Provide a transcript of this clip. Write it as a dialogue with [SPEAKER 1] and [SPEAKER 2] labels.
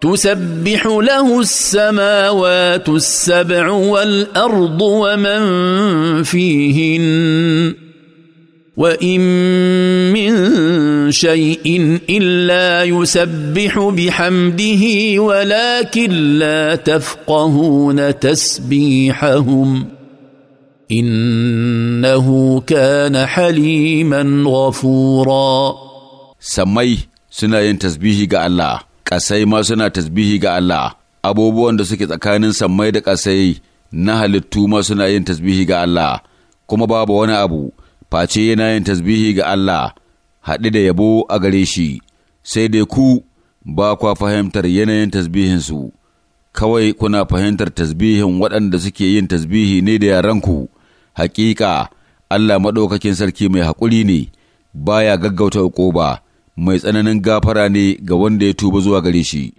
[SPEAKER 1] تسبح له السماوات السبع والارض ومن فيهن وان من شيء الا يسبح بحمده ولكن لا تفقهون تسبيحهم انه كان حليما
[SPEAKER 2] غفورا سمي سنين تسبيحك الله ƙasai ma suna tasbihi ga Allah abubuwan da suke tsakanin sammai da ƙasai na halittu ma suna yin tasbihi ga Allah kuma babu wani abu face yana yin tasbihi ga Allah haɗe da yabo a gare shi sai dai ku ba kwa fahimtar yanayin tasbihinsu kawai kuna fahimtar tasbihin waɗanda suke yin tasbihi ne da yaranku Haƙiƙa Allah maɗaukakin sarki mai haƙuri ne baya gaggauta uƙoba. ba mai tsananin gafara ne ga wanda ya tuba zuwa gare shi.